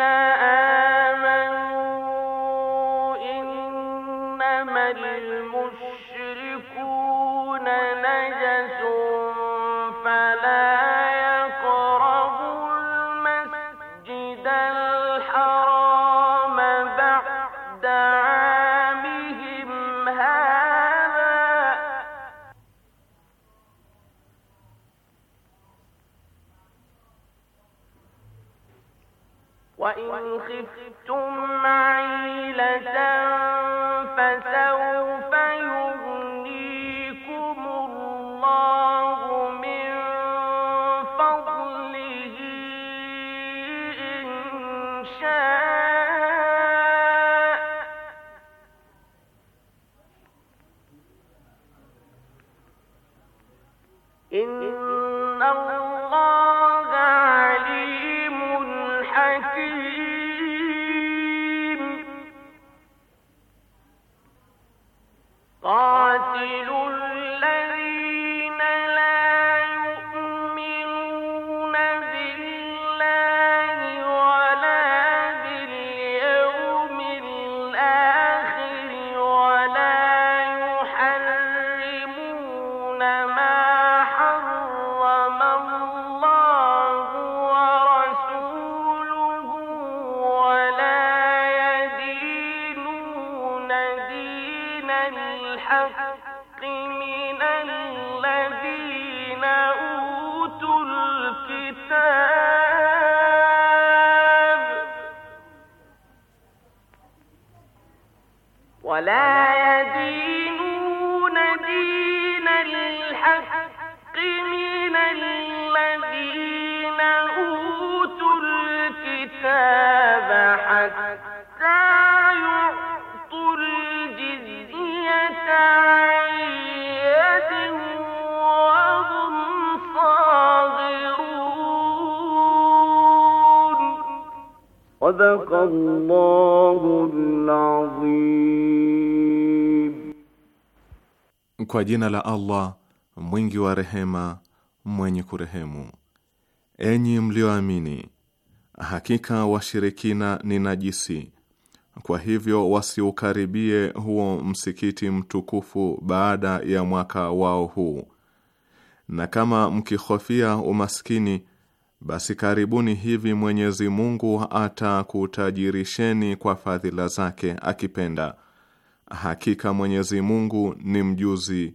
إِنَّا صدق الله العظيم. Kwa jina la Allah mwingi wa rehema, mwenye kurehemu. Enyi mlioamini, hakika washirikina ni najisi, kwa hivyo wasiukaribie huo msikiti mtukufu baada ya mwaka wao huu. Na kama mkihofia umaskini, basi karibuni hivi Mwenyezi Mungu atakutajirisheni kwa fadhila zake akipenda. Hakika Mwenyezi Mungu ni mjuzi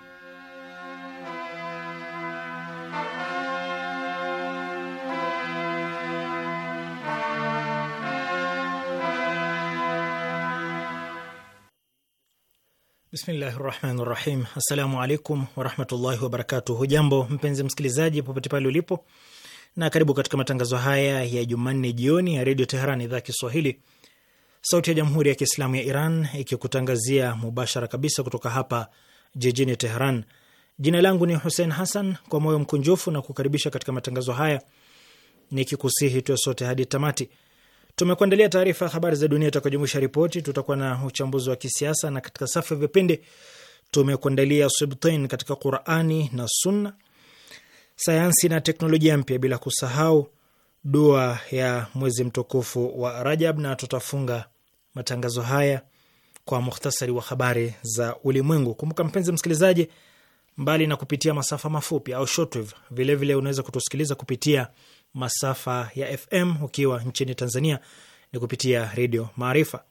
Bismillahi rahmani rahim. Assalamu alaikum warahmatullahi wabarakatuh. Hujambo mpenzi msikilizaji, popote pale ulipo, na karibu katika matangazo haya ya Jumanne jioni ya Redio Teheran, idhaa Kiswahili, sauti ya Jamhuri ya Kiislamu ya Iran, ikikutangazia mubashara kabisa kutoka hapa jijini Teheran. Jina langu ni Hussein Hassan, kwa moyo mkunjufu na kukaribisha katika matangazo haya nikikusihi tuwe sote hadi tamati. Tumekuandalia taarifa ya habari za dunia itakayojumuisha ripoti, tutakuwa na uchambuzi wa kisiasa, na katika safu ya vipindi tumekuandalia subtain katika Qurani na Sunna, sayansi na teknolojia mpya, bila kusahau dua ya mwezi mtukufu wa Rajab, na tutafunga matangazo haya kwa muhtasari wa habari za ulimwengu. Kumbuka mpenzi msikilizaji, mbali na kupitia masafa mafupi au shortwave, vilevile unaweza kutusikiliza kupitia masafa ya FM. Ukiwa nchini Tanzania ni kupitia Redio Maarifa.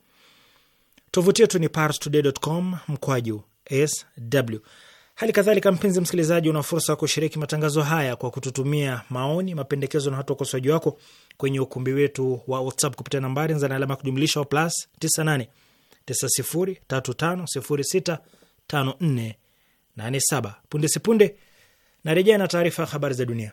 Tovuti yetu ni parstoday.com mkwaju sw. Hali kadhalika, mpenzi msikilizaji, una fursa ya kushiriki matangazo haya kwa kututumia maoni, mapendekezo na hata ukosoaji wako kwenye ukumbi wetu wa WhatsApp kupitia nambari za alama ya kujumlisha wa plus 98 9035065487. Punde sipunde narejea na taarifa ya habari za dunia.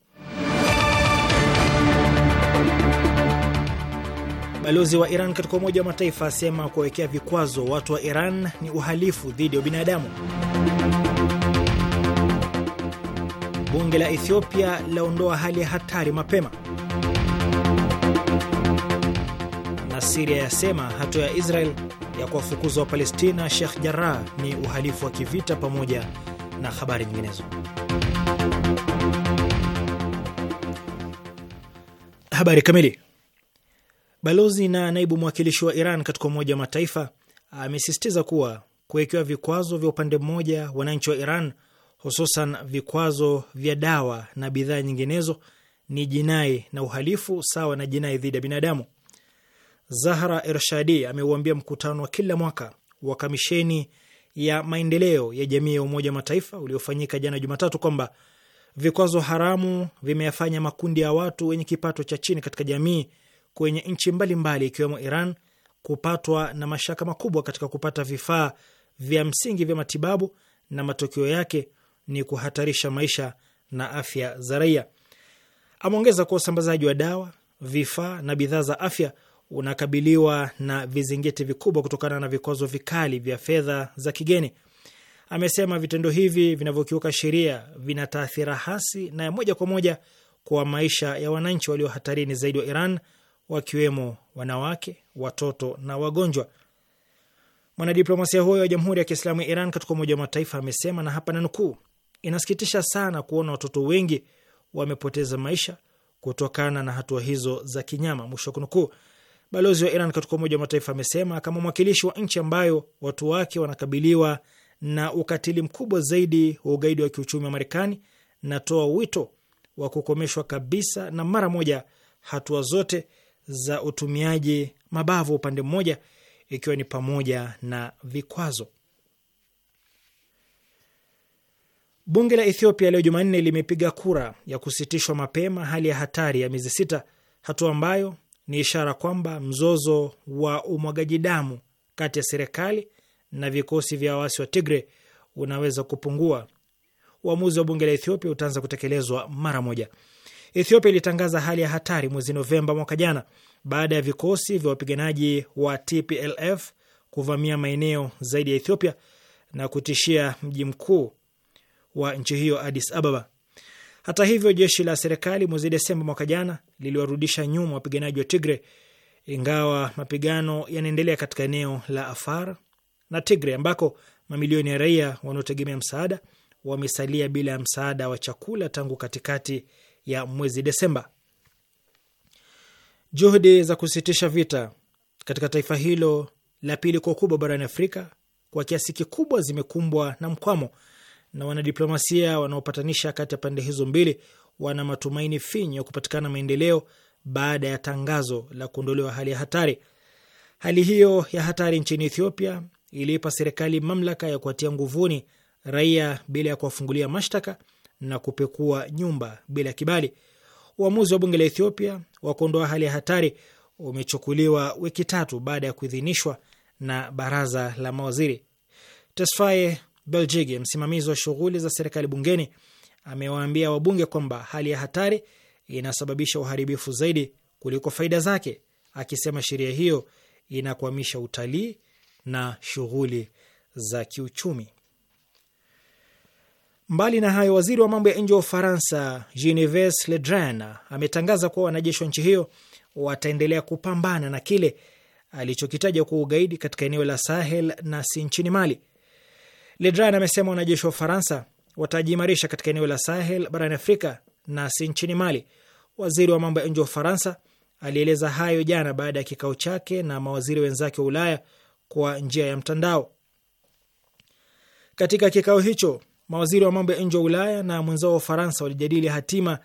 Balozi wa Iran katika Umoja wa Mataifa asema kuwawekea vikwazo watu wa Iran ni uhalifu dhidi ya binadamu. Bunge la Ethiopia laondoa hali ya hatari mapema. Na Siria yasema hatua ya Israel ya kuwafukuza wa Palestina Sheikh Jarrah ni uhalifu wa kivita, pamoja na habari nyinginezo. Habari kamili Balozi na naibu mwakilishi wa Iran katika Umoja wa Mataifa amesisitiza kuwa kuwekewa vikwazo vya upande mmoja wananchi wa Iran, hususan vikwazo vya dawa na bidhaa nyinginezo, ni jinai na uhalifu sawa na jinai dhidi ya binadamu. Zahra Ershadi ameuambia mkutano wa kila mwaka wa kamisheni ya maendeleo ya jamii ya Umoja wa Mataifa uliofanyika jana Jumatatu kwamba vikwazo haramu vimeyafanya makundi ya watu wenye kipato cha chini katika jamii kwenye nchi mbalimbali ikiwemo Iran kupatwa na mashaka makubwa katika kupata vifaa vya msingi vya matibabu na matokeo yake ni kuhatarisha maisha na afya za raia. Ameongeza kuwa usambazaji wa dawa, vifaa na bidhaa za afya unakabiliwa na vizingiti vikubwa kutokana na vikwazo vikali vya fedha za kigeni. Amesema vitendo hivi vinavyokiuka sheria vina taathira hasi na ya moja kwa moja kwa maisha ya wananchi walio hatarini zaidi wa Iran wakiwemo wanawake, watoto na wagonjwa. Mwanadiplomasia huyo wa Jamhuri ya Kiislamu ya Iran katika Umoja wa Mataifa amesema, na hapa nanukuu, inasikitisha sana kuona watoto wengi wamepoteza maisha kutokana na hatua hizo za kinyama, mwisho wa kunukuu. Balozi wa Iran katika Umoja wa Mataifa amesema, kama mwakilishi wa nchi ambayo watu wake wanakabiliwa na ukatili mkubwa zaidi wa ugaidi wa kiuchumi wa Marekani, natoa wito wa kukomeshwa kabisa na mara moja hatua zote za utumiaji mabavu upande mmoja, ikiwa ni pamoja na vikwazo. Bunge la Ethiopia leo Jumanne limepiga kura ya kusitishwa mapema hali ya hatari ya miezi sita, hatua ambayo ni ishara kwamba mzozo wa umwagaji damu kati ya serikali na vikosi vya waasi wa Tigre unaweza kupungua. Uamuzi wa bunge la Ethiopia utaanza kutekelezwa mara moja. Ethiopia ilitangaza hali ya hatari mwezi Novemba mwaka jana baada ya vikosi vya wapiganaji wa TPLF kuvamia maeneo zaidi ya Ethiopia na kutishia mji mkuu wa nchi hiyo Addis Ababa. Hata hivyo, jeshi la serikali mwezi Desemba mwaka jana liliwarudisha nyuma wapiganaji wa Tigre, ingawa mapigano yanaendelea katika eneo la Afar na Tigre ambako mamilioni ya raia wanaotegemea msaada wamesalia bila ya msaada wa chakula tangu katikati ya mwezi Desemba. Juhudi za kusitisha vita katika taifa hilo la pili kwa ukubwa barani Afrika kwa kiasi kikubwa zimekumbwa na mkwamo, na wanadiplomasia wanaopatanisha kati ya pande hizo mbili wana matumaini finyu ya kupatikana maendeleo baada ya tangazo la kuondolewa hali ya hatari. Hali hiyo ya hatari nchini Ethiopia iliipa serikali mamlaka ya kuwatia nguvuni raia bila ya kuwafungulia mashtaka na kupekua nyumba bila kibali. Uamuzi wa bunge la Ethiopia wa kuondoa hali ya hatari umechukuliwa wiki tatu baada ya kuidhinishwa na baraza la mawaziri. Tesfaye Beljigi, msimamizi wa shughuli za serikali bungeni, amewaambia wabunge kwamba hali ya hatari inasababisha uharibifu zaidi kuliko faida zake, akisema sheria hiyo inakwamisha utalii na shughuli za kiuchumi. Mbali na hayo, waziri wa mambo ya nje wa Ufaransa Genives Le ametangaza kuwa wanajeshi wa nchi hiyo wataendelea kupambana na kile alichokitaja kuwa ugaidi katika eneo la Sahel na si nchini Mali. Le amesema wanajeshi wa Ufaransa watajiimarisha katika eneo la Sahel barani Afrika na si nchini Mali. Waziri wa mambo ya nje wa Ufaransa alieleza hayo jana baada ya kikao chake na mawaziri wenzake wa Ulaya kwa njia ya mtandao. Katika kikao hicho Mawaziri wa mambo ya nje wa Ulaya na mwenzao wa Ufaransa walijadili hatima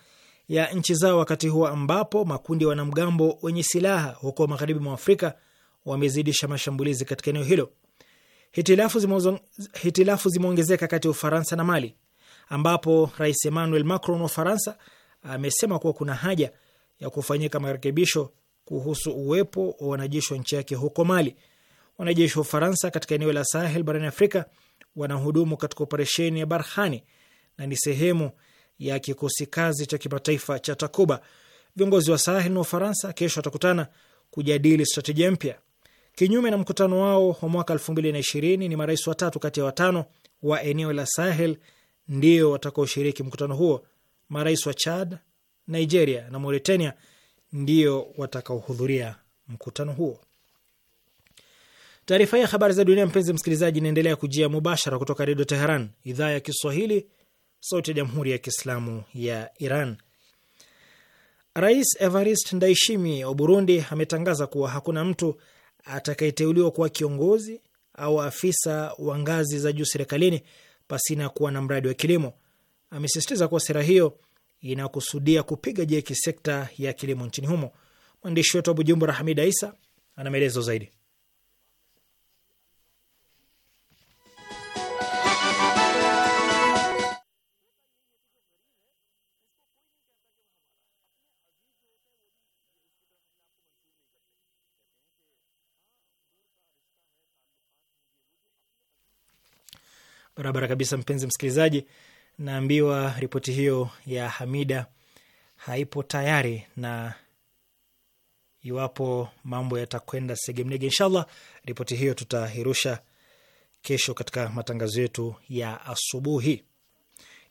ya nchi zao wakati huo ambapo makundi ya wanamgambo wenye silaha huko magharibi mwa Afrika wamezidisha mashambulizi katika eneo hilo. Hitilafu zimeongezeka kati ya Ufaransa na Mali, ambapo Rais Emmanuel Macron wa Ufaransa amesema kuwa kuna haja ya kufanyika marekebisho kuhusu uwepo wa wanajeshi wa nchi yake huko Mali. Wanajeshi wa Ufaransa katika eneo la Sahel barani Afrika wanahudumu katika operesheni ya barhani na ni sehemu ya kikosi kazi cha kimataifa cha Takuba. Viongozi wa Sahel na Ufaransa kesho watakutana kujadili stratejia mpya. Kinyume na mkutano wao wa mwaka elfu mbili na ishirini, ni marais watatu kati ya watano wa eneo la Sahel ndio watakaoshiriki mkutano huo. Marais wa Chad, Nigeria na Mauritania ndio watakaohudhuria mkutano huo. Taarifa ya habari za dunia, mpenzi msikilizaji, inaendelea kujia mubashara kutoka Redio Teheran, idhaa ya Kiswahili, sauti ya Jamhuri ya Kiislamu ya Iran. Rais Evarist Ndaishimi wa Burundi ametangaza kuwa hakuna mtu atakayeteuliwa kuwa kiongozi au afisa wa ngazi za juu serikalini pasina kuwa na mradi wa kilimo. Amesisitiza kuwa sera hiyo inakusudia kupiga jeki sekta ya kilimo nchini humo. Mwandishi wetu wa Bujumbura, Hamida Isa, ana maelezo zaidi. Barabara kabisa, mpenzi msikilizaji, naambiwa ripoti hiyo ya Hamida haipo tayari, na iwapo mambo yatakwenda segemnege, inshallah ripoti hiyo tutahirusha kesho katika matangazo yetu ya asubuhi.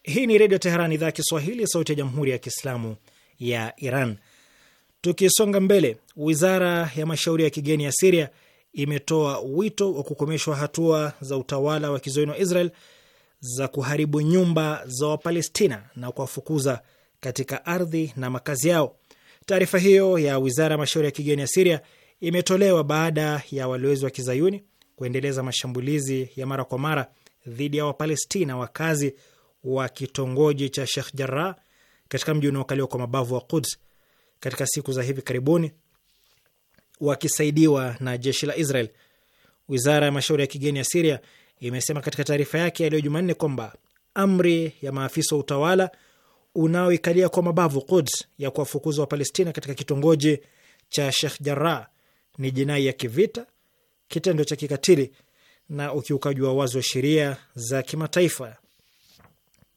Hii ni Redio Teheran, idhaa ya Kiswahili, sauti ya Jamhuri ya Kiislamu ya Iran. Tukisonga mbele, wizara ya mashauri ya kigeni ya Siria imetoa wito wa kukomeshwa hatua za utawala wa kizoeni wa Israel za kuharibu nyumba za Wapalestina na kuwafukuza katika ardhi na makazi yao. Taarifa hiyo ya wizara ya mashauri ya kigeni ya Siria imetolewa baada ya walowezi wa kizayuni kuendeleza mashambulizi ya mara kwa mara dhidi ya Wapalestina wakazi wa kitongoji cha Sheikh Jarrah katika mji unaokaliwa kwa mabavu wa Quds katika siku za hivi karibuni wakisaidiwa na jeshi la Israel. Wizara ya mashauri ya kigeni ya Siria imesema katika taarifa yake ya leo Jumanne kwamba amri ya maafisa wa utawala unaoikalia kwa mabavu Quds ya kuwafukuza Wapalestina katika kitongoji cha Sheikh Jarrah ni jinai ya kivita, kitendo cha kikatili na ukiukaji wa wazi wa sheria za kimataifa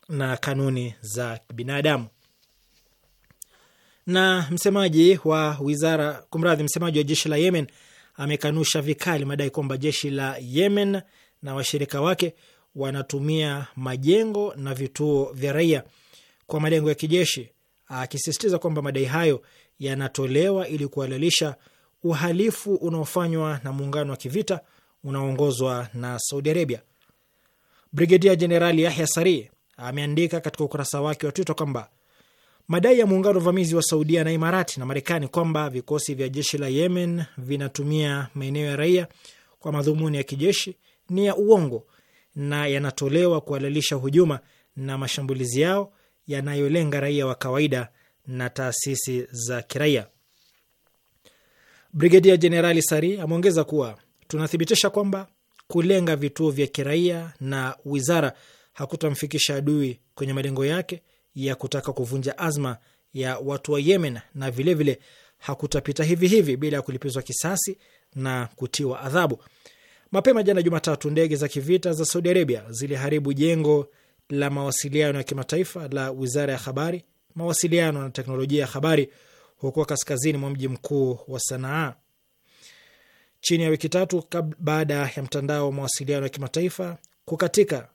na kanuni za binadamu. Na msemaji wa wizara kumradhi, msemaji wa jeshi la Yemen amekanusha vikali madai kwamba jeshi la Yemen na washirika wake wanatumia majengo na vituo vya raia kwa malengo ya kijeshi, akisisitiza kwamba madai hayo yanatolewa ili kuhalalisha uhalifu unaofanywa na muungano wa kivita unaoongozwa na Saudi Arabia. Brigedia Jenerali Yahya Sari ameandika katika ukurasa wake wa Twitter kwamba Madai ya muungano uvamizi wa Saudia na Imarati na Marekani kwamba vikosi vya jeshi la Yemen vinatumia maeneo ya raia kwa madhumuni ya kijeshi ni ya uongo na yanatolewa kuhalalisha hujuma na mashambulizi yao yanayolenga raia wa kawaida na taasisi za kiraia. Brigedia Jenerali Sari ameongeza kuwa tunathibitisha kwamba kulenga vituo vya kiraia na wizara hakutamfikisha adui kwenye malengo yake ya kutaka kuvunja azma ya watu wa Yemen, na vilevile vile hakutapita hivi hivi bila ya kulipizwa kisasi na kutiwa adhabu. Mapema jana Jumatatu, ndege za kivita za Saudi Arabia ziliharibu jengo la mawasiliano ya kimataifa la wizara ya habari, mawasiliano na teknolojia ya habari huko kaskazini mwa mji mkuu wa Sanaa. Chini ya wiki tatu baada ya mtandao wa mawasiliano ya kimataifa kukatika,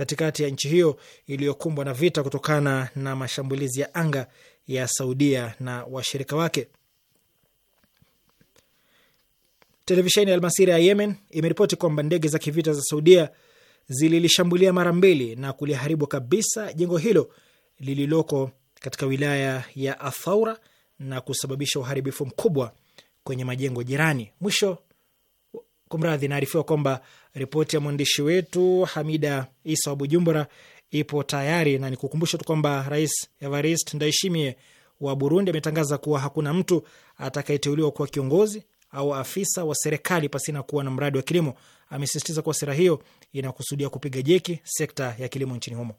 katikati ya nchi hiyo iliyokumbwa na vita kutokana na mashambulizi ya anga ya Saudia na washirika wake. Televisheni ya Almasira ya Yemen imeripoti kwamba ndege za kivita za Saudia zililishambulia mara mbili na kuliharibu kabisa jengo hilo lililoko katika wilaya ya Athaura na kusababisha uharibifu mkubwa kwenye majengo jirani. Mwisho Kumradhi, naarifiwa kwamba ripoti ya mwandishi wetu Hamida Isa wa Bujumbura ipo tayari, na nikukumbusha tu kwamba Rais evarist ndaishimie wa Burundi ametangaza kuwa hakuna mtu atakayeteuliwa kuwa kiongozi au afisa wa serikali pasina kuwa na mradi wa kilimo. Amesisitiza kuwa sera hiyo inakusudia kupiga jeki sekta ya kilimo nchini humo.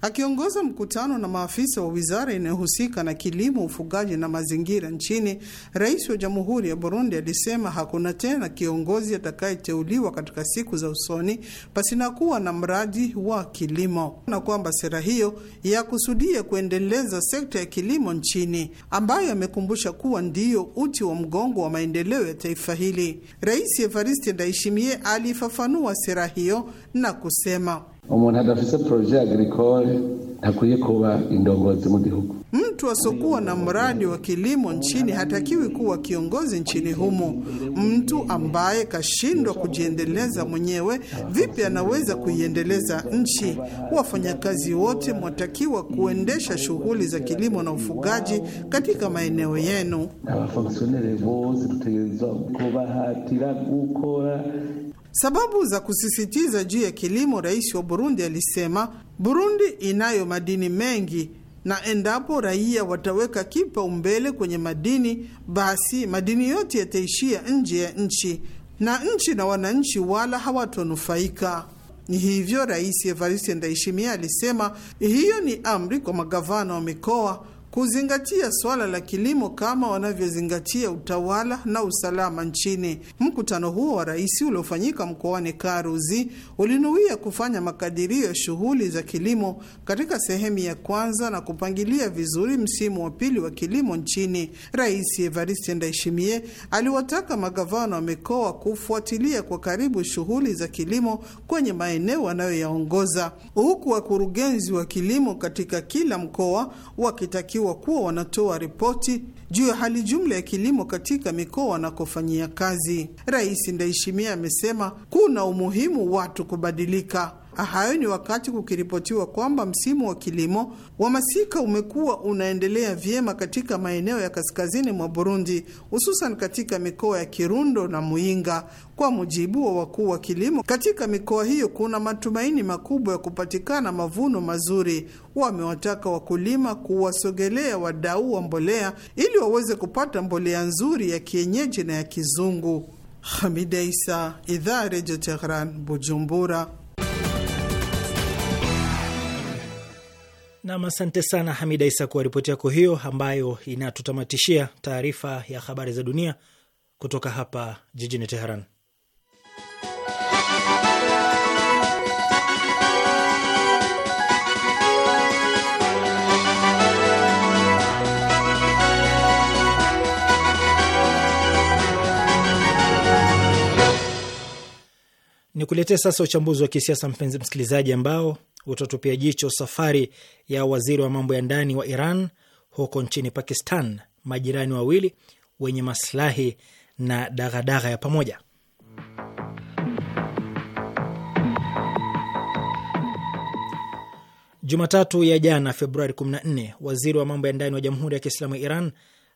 Akiongoza mkutano na maafisa wa wizara inayohusika na kilimo, ufugaji na mazingira nchini, rais wa jamhuri ya Burundi alisema hakuna tena kiongozi atakayeteuliwa katika siku za usoni pasina kuwa na mradi wa kilimo, na kwamba sera hiyo yakusudia kuendeleza sekta ya kilimo nchini, ambayo amekumbusha kuwa ndiyo uti wa mgongo wa maendeleo ya taifa hili. Rais Evariste Ndayishimiye alifafanua sera hiyo na kusema umuntu adafise proje agricole ntakwiye kuba indongozi mu gihugu mtu asokuwa na mradi wa kilimo nchini hatakiwi kuwa kiongozi nchini humo. Mtu ambaye kashindwa kujiendeleza mwenyewe, vipi anaweza kuiendeleza nchi? Wafanyakazi wote mwatakiwa kuendesha shughuli za kilimo na ufugaji katika maeneo yenu. abafonsionere bose tutegerezwa kubahatira gukora sababu za kusisitiza juu ya kilimo, rais wa Burundi alisema Burundi inayo madini mengi na endapo raia wataweka kipaumbele kwenye madini, basi madini yote yataishia nje ya nchi na nchi na wananchi wala hawatonufaika. Ni hivyo Rais Evariste Ndayishimiye alisema hiyo ni amri kwa magavana wa mikoa kuzingatia suala la kilimo kama wanavyozingatia utawala na usalama nchini. Mkutano huo wa rais uliofanyika mkoani Karuzi ulinuia kufanya makadirio ya shughuli za kilimo katika sehemu ya kwanza na kupangilia vizuri msimu wa pili wa kilimo nchini. Rais Evariste Ndayishimiye aliwataka magavana wa mikoa kufuatilia kwa karibu shughuli za kilimo kwenye maeneo anayoyaongoza huku wakurugenzi wa kilimo katika kila mkoa wakitakiwa wanatakiwa kuwa wanatoa ripoti juu ya hali jumla ya kilimo katika mikoa wanakofanyia kazi. Rais Ndayishimiye amesema kuna umuhimu watu kubadilika Hayo ni wakati kukiripotiwa kwamba msimu wa kilimo wa masika umekuwa unaendelea vyema katika maeneo ya kaskazini mwa Burundi, hususan katika mikoa ya Kirundo na Muinga. Kwa mujibu wa wakuu wa kilimo katika mikoa hiyo, kuna matumaini makubwa ya kupatikana mavuno mazuri. Wamewataka wakulima kuwasogelea wadau wa mbolea ili waweze kupata mbolea nzuri ya kienyeji na ya kizungu. Hamida Isa, Idhaa ya Redio Tehran, Bujumbura. Nam, asante sana Hamida Isa kwa ripoti yako hiyo, ambayo inatutamatishia taarifa ya habari za dunia kutoka hapa jijini Teheran. Ni kuletea sasa uchambuzi wa kisiasa, mpenzi msikilizaji, ambao utatupia jicho safari ya waziri wa mambo ya ndani wa Iran huko nchini Pakistan, majirani wawili wenye maslahi na daghadagha ya pamoja. Jumatatu ya jana Februari 14, waziri wa mambo ya ndani wa Jamhuri ya Kiislamu ya Iran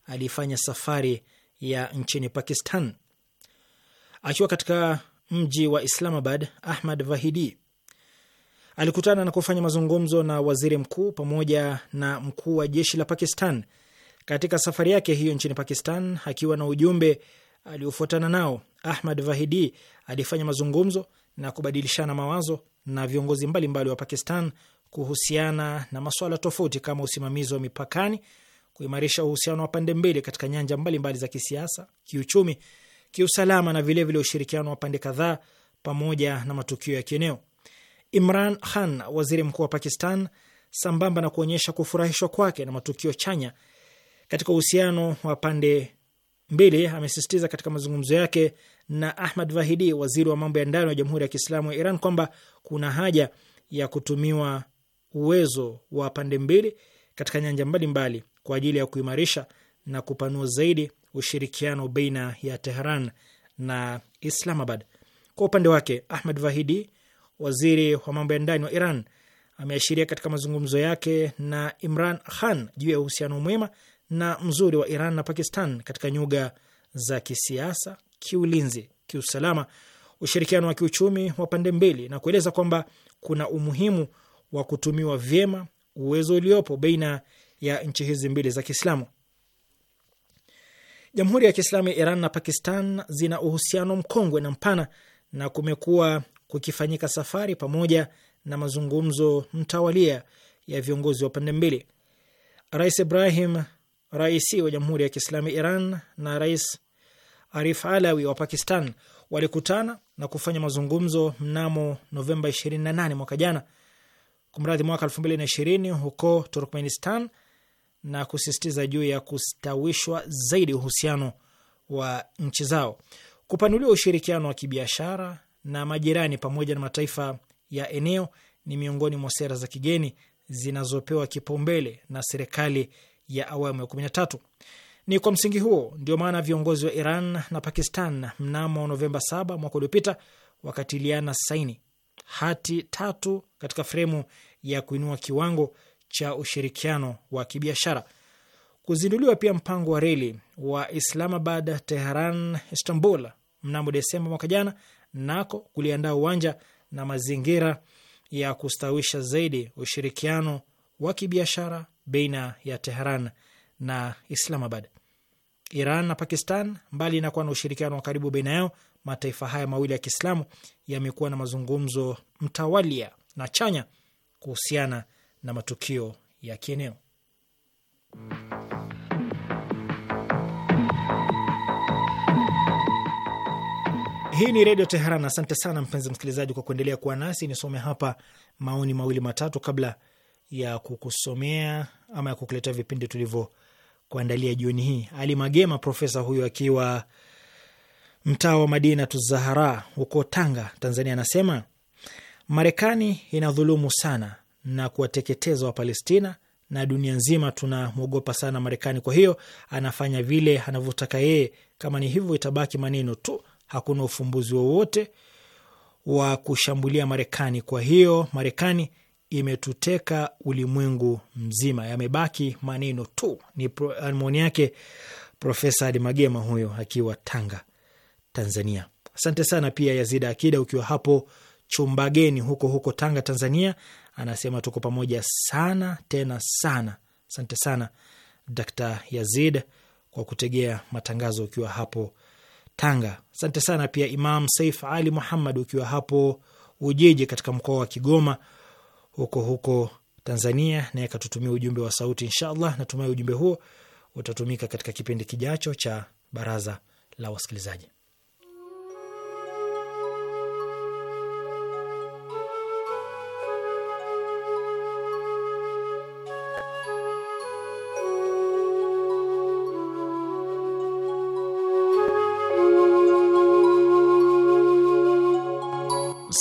alifanya safari ya nchini Pakistan. Akiwa katika mji wa Islamabad, Ahmad Vahidi, alikutana na kufanya mazungumzo na waziri mkuu pamoja na mkuu wa jeshi la Pakistan katika safari yake hiyo nchini Pakistan. Akiwa na ujumbe aliofuatana nao, Ahmad Vahidi alifanya mazungumzo na kubadilishana mawazo na viongozi mbalimbali mbali wa Pakistan kuhusiana na masuala tofauti kama usimamizi wa mipakani, kuimarisha uhusiano wa pande mbili katika nyanja mbalimbali mbali za kisiasa, kiuchumi, kiusalama na vilevile vile ushirikiano wa pande kadhaa pamoja na matukio ya kieneo. Imran Khan, waziri mkuu wa Pakistan, sambamba na kuonyesha kufurahishwa kwake na matukio chanya katika uhusiano wa pande mbili, amesisitiza katika mazungumzo yake na Ahmad Vahidi, waziri wa mambo ya ndani wa Jamhuri ya Kiislamu ya Iran, kwamba kuna haja ya kutumiwa uwezo wa pande mbili katika nyanja mbalimbali mbali kwa ajili ya kuimarisha na kupanua zaidi ushirikiano baina ya Tehran na Islamabad. Kwa upande wake, Ahmad Vahidi waziri wa mambo ya ndani wa Iran, ameashiria katika mazungumzo yake na Imran Khan juu ya uhusiano mwema na mzuri wa Iran na Pakistan katika nyuga za kisiasa, kiulinzi, kiusalama, ushirikiano wa kiuchumi wa pande mbili, na kueleza kwamba kuna umuhimu wa kutumiwa vyema uwezo uliopo baina ya nchi hizi mbili za Kiislamu. Jamhuri ya Kiislamu ya Iran na Pakistan zina uhusiano mkongwe na mpana na kumekuwa kukifanyika safari pamoja na mazungumzo mtawalia ya viongozi wa pande mbili. Rais Ibrahim Raisi wa Jamhuri ya Kiislamu Iran na Rais Arif Alawi wa Pakistan walikutana na kufanya mazungumzo mnamo Novemba 28 mwaka jana, kumradhi, mwaka 2020 huko Turkmenistan na kusisitiza juu ya kustawishwa zaidi uhusiano wa nchi zao, kupanuliwa ushirikiano wa kibiashara na majirani pamoja na mataifa ya eneo ni miongoni mwa sera za kigeni zinazopewa kipaumbele na serikali ya awamu ya kumi na tatu. Ni kwa msingi huo ndio maana viongozi wa Iran na Pakistan mnamo Novemba 7 mwaka uliopita wakatiliana saini hati tatu katika fremu ya kuinua kiwango cha ushirikiano wa kibiashara. Kuzinduliwa pia mpango wa reli wa Islamabad, Teheran, Istanbul mnamo Desemba mwaka jana nako kuliandaa uwanja na mazingira ya kustawisha zaidi ushirikiano wa kibiashara baina ya Tehran na Islamabad. Iran na Pakistan, mbali nakuwa na ushirikiano wa karibu baina yao, mataifa haya mawili ya Kiislamu yamekuwa na mazungumzo mtawalia na chanya kuhusiana na matukio ya kieneo. Hii ni Redio Teheran. Asante sana mpenzi msikilizaji kwa kuendelea kuwa nasi. Nisome hapa maoni mawili matatu kabla ya kukusomea ama ya kukuletea vipindi kuandalia jioni hii. Ali Magema, profesa huyo akiwa mtaa wa Madina Tuzahara huko Tanga, Tanzania, anasema Marekani inadhulumu sana na kuwateketeza Wapalestina na dunia nzima tunamwogopa sana Marekani. Kwa hiyo anafanya vile anavyotaka yeye, kama ni hivyo itabaki maneno tu hakuna ufumbuzi wowote wa, kushambulia Marekani. Kwa hiyo Marekani imetuteka ulimwengu mzima, yamebaki maneno tu. Ni maoni yake Profesa Adi Magema huyo akiwa Tanga, Tanzania. Asante sana pia Yazida Akida ukiwa hapo Chumbageni huko huko Tanga, Tanzania, anasema tuko pamoja sana tena sana. Asante sana Dkt Yazid kwa kutegea matangazo ukiwa hapo Tanga. Asante sana pia Imam Saif Ali Muhammad, ukiwa hapo Ujiji katika mkoa wa Kigoma huko huko Tanzania, naye akatutumia ujumbe wa sauti. Inshallah natumai ujumbe huo utatumika katika kipindi kijacho cha baraza la wasikilizaji.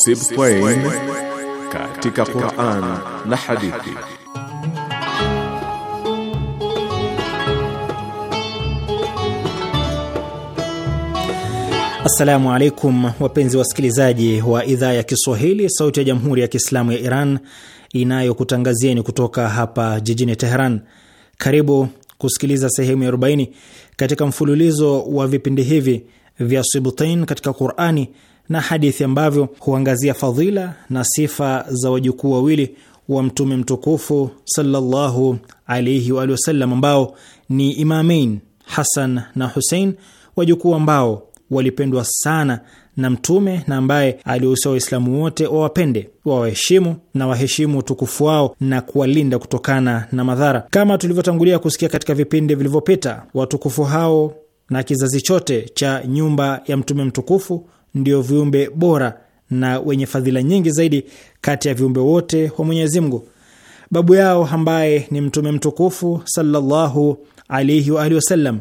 Sibtain katika Qur'an na hadithi. Assalamu alaikum wapenzi wasikilizaji wa idhaa ya Kiswahili sauti ya Jamhuri ya Kiislamu ya Iran inayokutangazieni kutoka hapa jijini Tehran. Karibu kusikiliza sehemu ya 40 katika mfululizo wa vipindi hivi vya Sibtain katika Qur'ani na hadithi ambavyo huangazia fadhila na sifa za wajukuu wawili wa Mtume mtukufu sallallahu alaihi wa alihi wasallam ambao ni Imamain Hasan na Husein, wajukuu ambao walipendwa sana na Mtume na ambaye aliwahusia Waislamu wote wawapende, wawaheshimu na waheshimu utukufu wao na kuwalinda kutokana na madhara. Kama tulivyotangulia kusikia katika vipindi vilivyopita, watukufu hao na kizazi chote cha nyumba ya Mtume mtukufu ndio viumbe bora na wenye fadhila nyingi zaidi kati ya viumbe wote wa Mwenyezi Mungu. Babu yao ambaye ni Mtume mtukufu sallallahu alaihi wa alihi wasallam,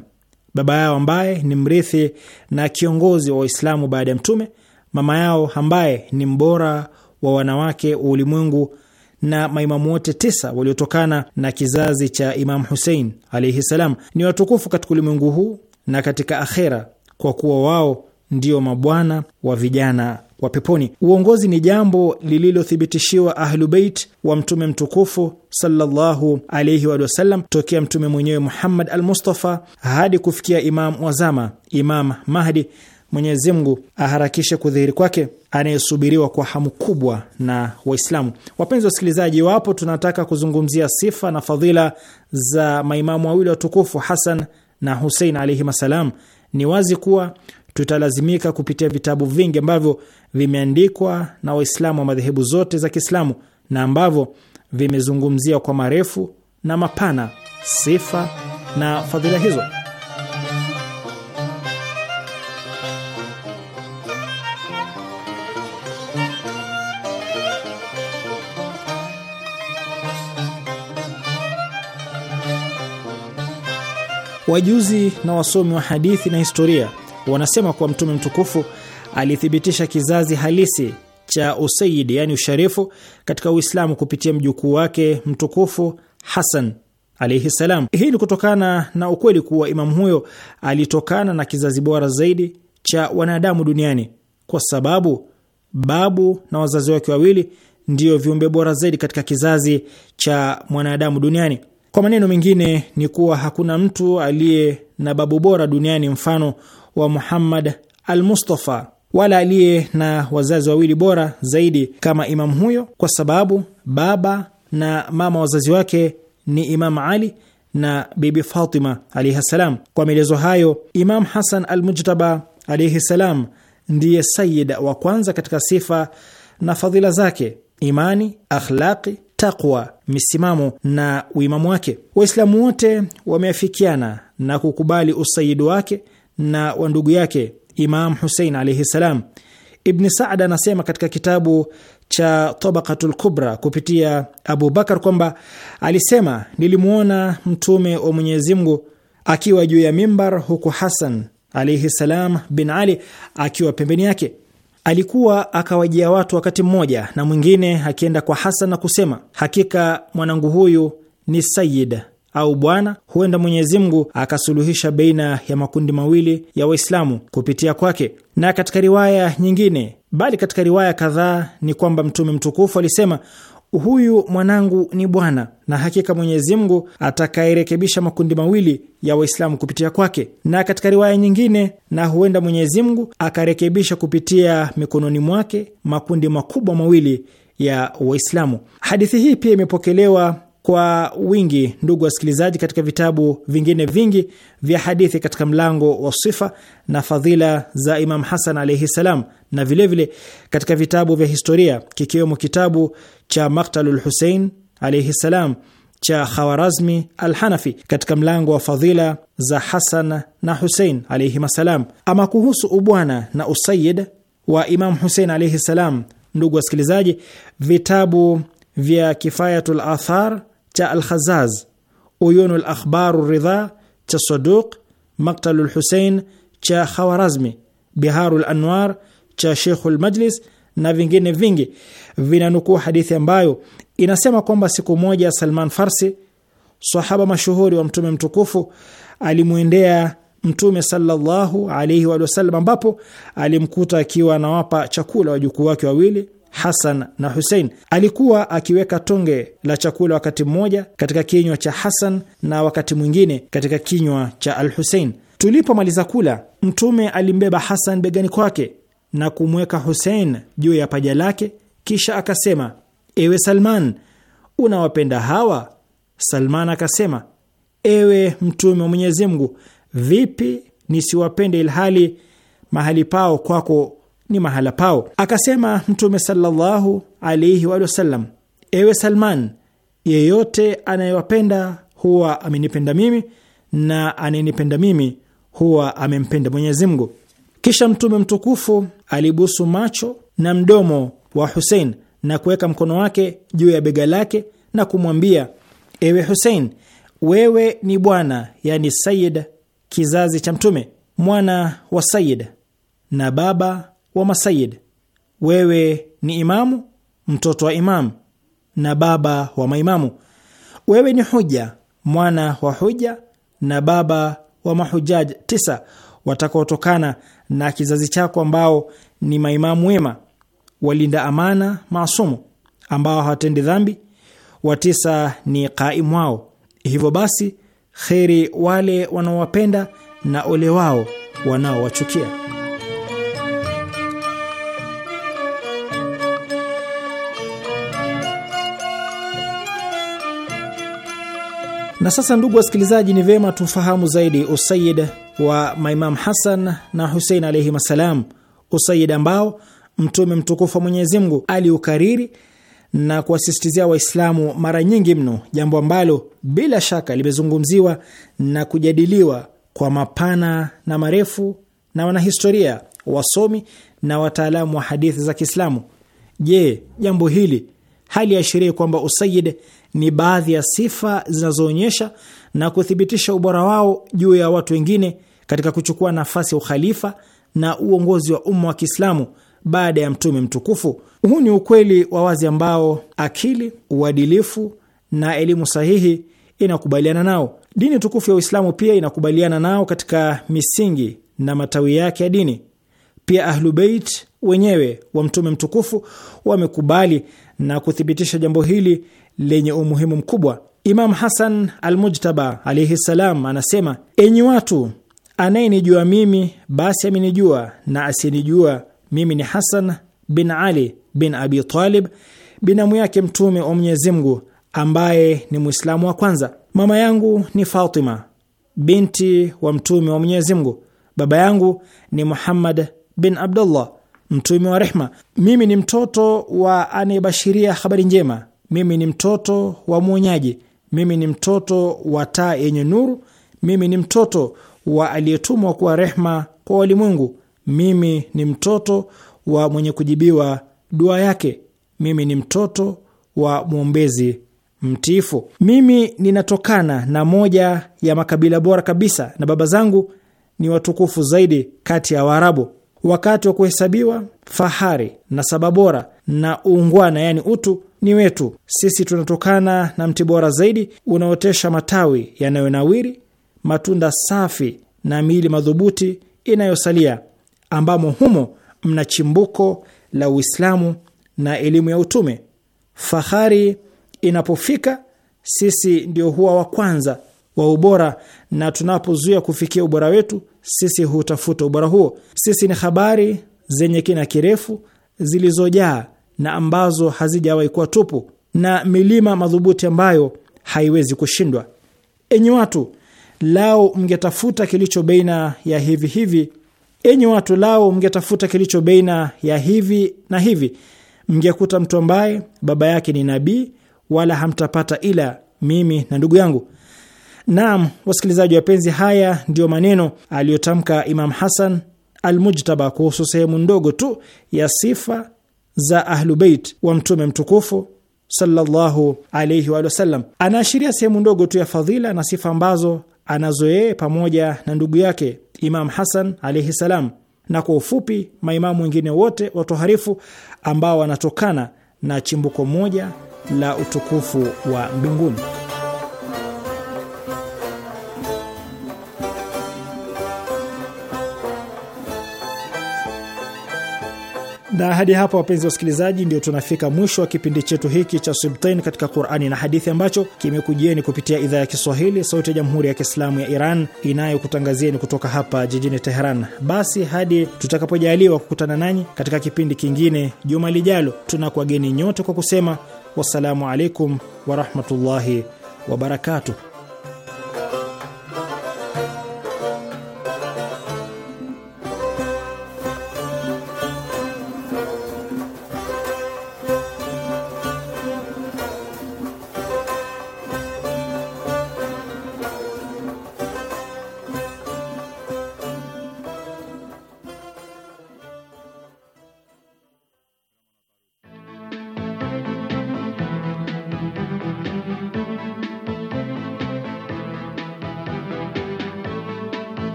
baba yao ambaye ni mrithi na kiongozi wa Waislamu baada ya Mtume, mama yao ambaye ni mbora wa wanawake wa ulimwengu na maimamu wote tisa waliotokana na kizazi cha Imamu Husein alaihi salam, ni watukufu katika ulimwengu huu na katika akhera, kwa kuwa wao ndio mabwana wa vijana wa peponi. Uongozi ni jambo lililothibitishiwa Ahlubeit wa Mtume mtukufu sallallahu alaihi wa sallam tokea Mtume mwenyewe Muhammad al Mustafa hadi kufikia Imam wazama Imam Mahdi, Mwenyezi Mungu aharakishe kudhihiri kwake, anayesubiriwa kwa hamu kubwa na Waislamu. Wapenzi wasikilizaji, wapo tunataka kuzungumzia sifa na fadhila za maimamu wawili watukufu Hasan na Husein alaihim assalam, ni wazi kuwa tutalazimika kupitia vitabu vingi ambavyo vimeandikwa na Waislamu wa madhehebu zote za Kiislamu na ambavyo vimezungumzia kwa marefu na mapana sifa na fadhila hizo. Wajuzi na wasomi wa hadithi na historia wanasema kuwa Mtume mtukufu alithibitisha kizazi halisi cha usayidi, yani usharifu katika Uislamu kupitia mjukuu wake mtukufu Hasan alaihi salam. Hii ni kutokana na ukweli kuwa imamu huyo alitokana na kizazi bora zaidi cha wanadamu duniani kwa sababu babu na wazazi wake wawili ndiyo viumbe bora zaidi katika kizazi cha mwanadamu duniani. Kwa maneno mengine, ni kuwa hakuna mtu aliye na babu bora duniani mfano wa Muhammad al-Mustafa wala aliye na wazazi wawili bora zaidi kama imamu huyo, kwa sababu baba na mama wazazi wake ni Imamu Ali na Bibi Fatima alaihi ssalam. Kwa maelezo hayo, Imam Hasan al-Mujtaba alaihi ssalam ndiye sayid wa kwanza katika sifa na fadhila zake: imani, akhlaqi, taqwa, misimamo na uimamu wake. Waislamu wote wameafikiana na kukubali usayidi wake na wa ndugu yake Imam Husein alaihi salam. Ibni Saad anasema katika kitabu cha Tabaqatul Kubra kupitia Abu Bakar kwamba alisema, nilimwona Mtume wa Mwenyezi Mungu akiwa juu ya mimbar, huku Hasan alaihi salam bin Ali akiwa pembeni yake. Alikuwa akawajia watu wakati mmoja, na mwingine akienda kwa Hasan na kusema, hakika mwanangu huyu ni sayid au bwana, huenda Mwenyezi Mungu akasuluhisha baina ya makundi mawili ya Waislamu kupitia kwake. Na katika riwaya nyingine, bali katika riwaya kadhaa, ni kwamba Mtume mtukufu alisema Huyu mwanangu ni bwana, na hakika Mwenyezi Mungu atakayerekebisha makundi mawili ya Waislamu kupitia kwake. Na katika riwaya nyingine, na huenda Mwenyezi Mungu akarekebisha kupitia mikononi mwake makundi makubwa mawili ya Waislamu. Hadithi hii pia imepokelewa kwa wingi, ndugu wasikilizaji, katika vitabu vingine vingi vya hadithi katika mlango wa sifa na fadhila za Imam Hasan alaihi salam, na vilevile vile katika vitabu vya historia kikiwemo kitabu cha Maktalul Husein alaihi salam cha Khawarazmi Alhanafi katika mlango wa fadhila za Hasan na Husein alaihim assalam. Ama kuhusu ubwana na usayid wa Imam Husein alaihi salam, ndugu wasikilizaji, vitabu vya Kifayatu Lathar cha Alkhazaz, Uyunu Lakhbaru Ridha cha Saduq, Maktalu Lhusein cha Khawarazmi, Biharu Lanwar cha Sheikhu Lmajlis na vingine vingi vinanukuu hadithi ambayo inasema kwamba siku moja Salman Farsi, sahaba mashuhuri wa Mtume mtukufu, alimwendea Mtume sallallahu alaihi wasallam, ambapo alimkuta akiwa anawapa chakula wajukuu wake wawili Hasan na Husein. Alikuwa akiweka tonge la chakula wakati mmoja katika kinywa cha Hasan na wakati mwingine katika kinywa cha al Husein. Tulipomaliza kula, Mtume alimbeba Hasan begani kwake na kumweka Husein juu ya paja lake, kisha akasema, ewe Salman, unawapenda hawa? Salman akasema, ewe Mtume wa Mwenyezi Mungu, vipi nisiwapende ilhali mahali pao kwako ni mahala pao. Akasema Mtume sallallahu alaihi wasallam, ewe Salman, yeyote anayewapenda huwa amenipenda mimi na anayenipenda mimi huwa amempenda Mwenyezi Mungu. Kisha Mtume mtukufu alibusu macho na mdomo wa Husein na kuweka mkono wake juu ya bega lake na kumwambia, ewe Husein, wewe ni bwana, yani Sayid, kizazi cha Mtume, mwana wa Sayid na baba wa masayid, wewe ni imamu, mtoto wa imamu na baba wa maimamu. Wewe ni huja, mwana wa huja na baba wa mahujaj tisa watakaotokana na kizazi chako, ambao ni maimamu wema, walinda amana maasumu, ambao hawatendi dhambi. Watisa ni kaimu wao. Hivyo basi, kheri wale wanaowapenda na ole wao wanaowachukia. Na sasa, ndugu wasikilizaji, ni vyema tufahamu zaidi usayid wa maimamu Hasan na Husein alaihim assalam, usayid ambao Mtume mtukufu wa Mwenyezi Mungu aliukariri na kuwasisitizia Waislamu mara nyingi mno, jambo ambalo bila shaka limezungumziwa na kujadiliwa kwa mapana na marefu na wanahistoria, wasomi na wataalamu wa hadithi za Kiislamu. Je, jambo hili hali ashirii kwamba usayid ni baadhi ya sifa zinazoonyesha na kuthibitisha ubora wao juu ya watu wengine katika kuchukua nafasi ya ukhalifa na uongozi wa umma wa Kiislamu baada ya mtume mtukufu. Huu ni ukweli wa wazi ambao akili, uadilifu na elimu sahihi inakubaliana nao. Dini tukufu ya Uislamu pia inakubaliana nao katika misingi na matawi yake ya dini. Pia Ahlubeit wenyewe wa mtume mtukufu wamekubali na kuthibitisha jambo hili lenye umuhimu mkubwa. Imam Hasan Almujtaba alaihi ssalam anasema, enyi watu, anayenijua mimi basi amenijua, na asiyenijua mimi ni Hasan bin Ali bin Abi Talib, binamu yake Mtume wa Mwenyezi Mungu ambaye ni Mwislamu wa kwanza. Mama yangu ni Fatima binti wa Mtume wa Mwenyezi Mungu. Baba yangu ni Muhammad bin Abdullah, mtume wa rehma. Mimi ni mtoto wa anayebashiria habari njema mimi ni mtoto wa mwonyaji, mimi ni mtoto wa taa yenye nuru, mimi ni mtoto wa aliyetumwa kuwa rehma kwa walimwengu, mimi ni mtoto wa mwenye kujibiwa dua yake, mimi ni mtoto wa mwombezi mtiifu. Mimi ninatokana na moja ya makabila bora kabisa, na baba zangu ni watukufu zaidi kati ya Waarabu. Wakati wa kuhesabiwa fahari na saba bora na uungwana, yani utu ni wetu sisi, tunatokana na mti bora zaidi unaotesha matawi yanayonawiri, matunda safi na miili madhubuti inayosalia, ambamo humo mna chimbuko la Uislamu na elimu ya utume. Fahari inapofika, sisi ndio huwa wa kwanza wa ubora, na tunapozuia kufikia ubora wetu, sisi hutafuta ubora huo. Sisi ni habari zenye kina kirefu zilizojaa na ambazo hazijawahi kuwa tupu na milima madhubuti ambayo haiwezi kushindwa. Enyi watu, lao mngetafuta kilicho baina ya hivi hivi, enyi watu, lao mngetafuta kilicho baina ya hivi na hivi, mngekuta mtu ambaye baba yake ni nabii, wala hamtapata ila mimi na ndugu yangu. Naam, wasikilizaji wapenzi, haya ndiyo maneno aliyotamka Imam Hasan Almujtaba kuhusu sehemu ndogo tu ya sifa za Ahlubeit wa Mtume mtukufu sallallahu alaihi wa sallam. Anaashiria sehemu ndogo tu ya fadhila na sifa ambazo anazo yeye pamoja na ndugu yake Imam Hasan alaihi salam, na kwa ufupi maimamu wengine wote watoharifu ambao wanatokana na chimbuko moja la utukufu wa mbinguni. Na hadi hapa, wapenzi wasikilizaji, ndio tunafika mwisho wa kipindi chetu hiki cha Sibtain katika Qurani na Hadithi, ambacho kimekujieni kupitia idhaa ya Kiswahili, Sauti ya Jamhuri ya Kiislamu ya Iran inayokutangazieni kutoka hapa jijini Teheran. Basi hadi tutakapojaliwa kukutana nanyi katika kipindi kingine juma lijalo, tunakuwageni nyote kwa kusema wassalamu alaikum warahmatullahi wabarakatuh.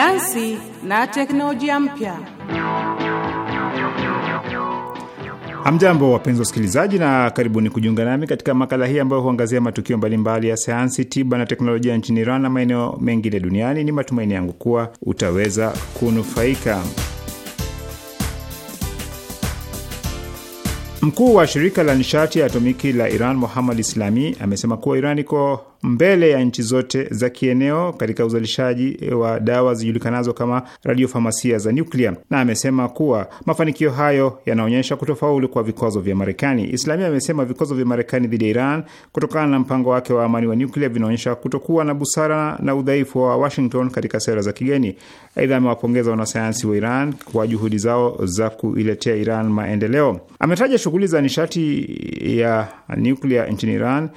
sayansi na teknolojia mpya. Hamjambo, wapenzi wasikilizaji, na karibuni kujiunga nami katika makala hii ambayo huangazia matukio mbalimbali ya sayansi, tiba na teknolojia nchini Iran na maeneo mengine duniani. Ni matumaini yangu kuwa utaweza kunufaika. Mkuu wa shirika la nishati ya atomiki la Iran Muhammad Islami amesema kuwa Iran iko mbele ya nchi zote za kieneo katika uzalishaji wa dawa zijulikanazo kama radiofarmasia za nuklia, na amesema kuwa mafanikio hayo yanaonyesha kutofaulu kwa vikwazo vya Marekani. Islamia amesema vikwazo vya Marekani dhidi ya Iran kutokana na mpango wake wa amani wa nuklia vinaonyesha kutokuwa na busara na udhaifu wa Washington katika sera za kigeni. Aidha, amewapongeza wanasayansi wa Iran kwa juhudi zao za kuiletea Iran maendeleo. Ametaja shughuli za nishati ya nuklia nchini Iran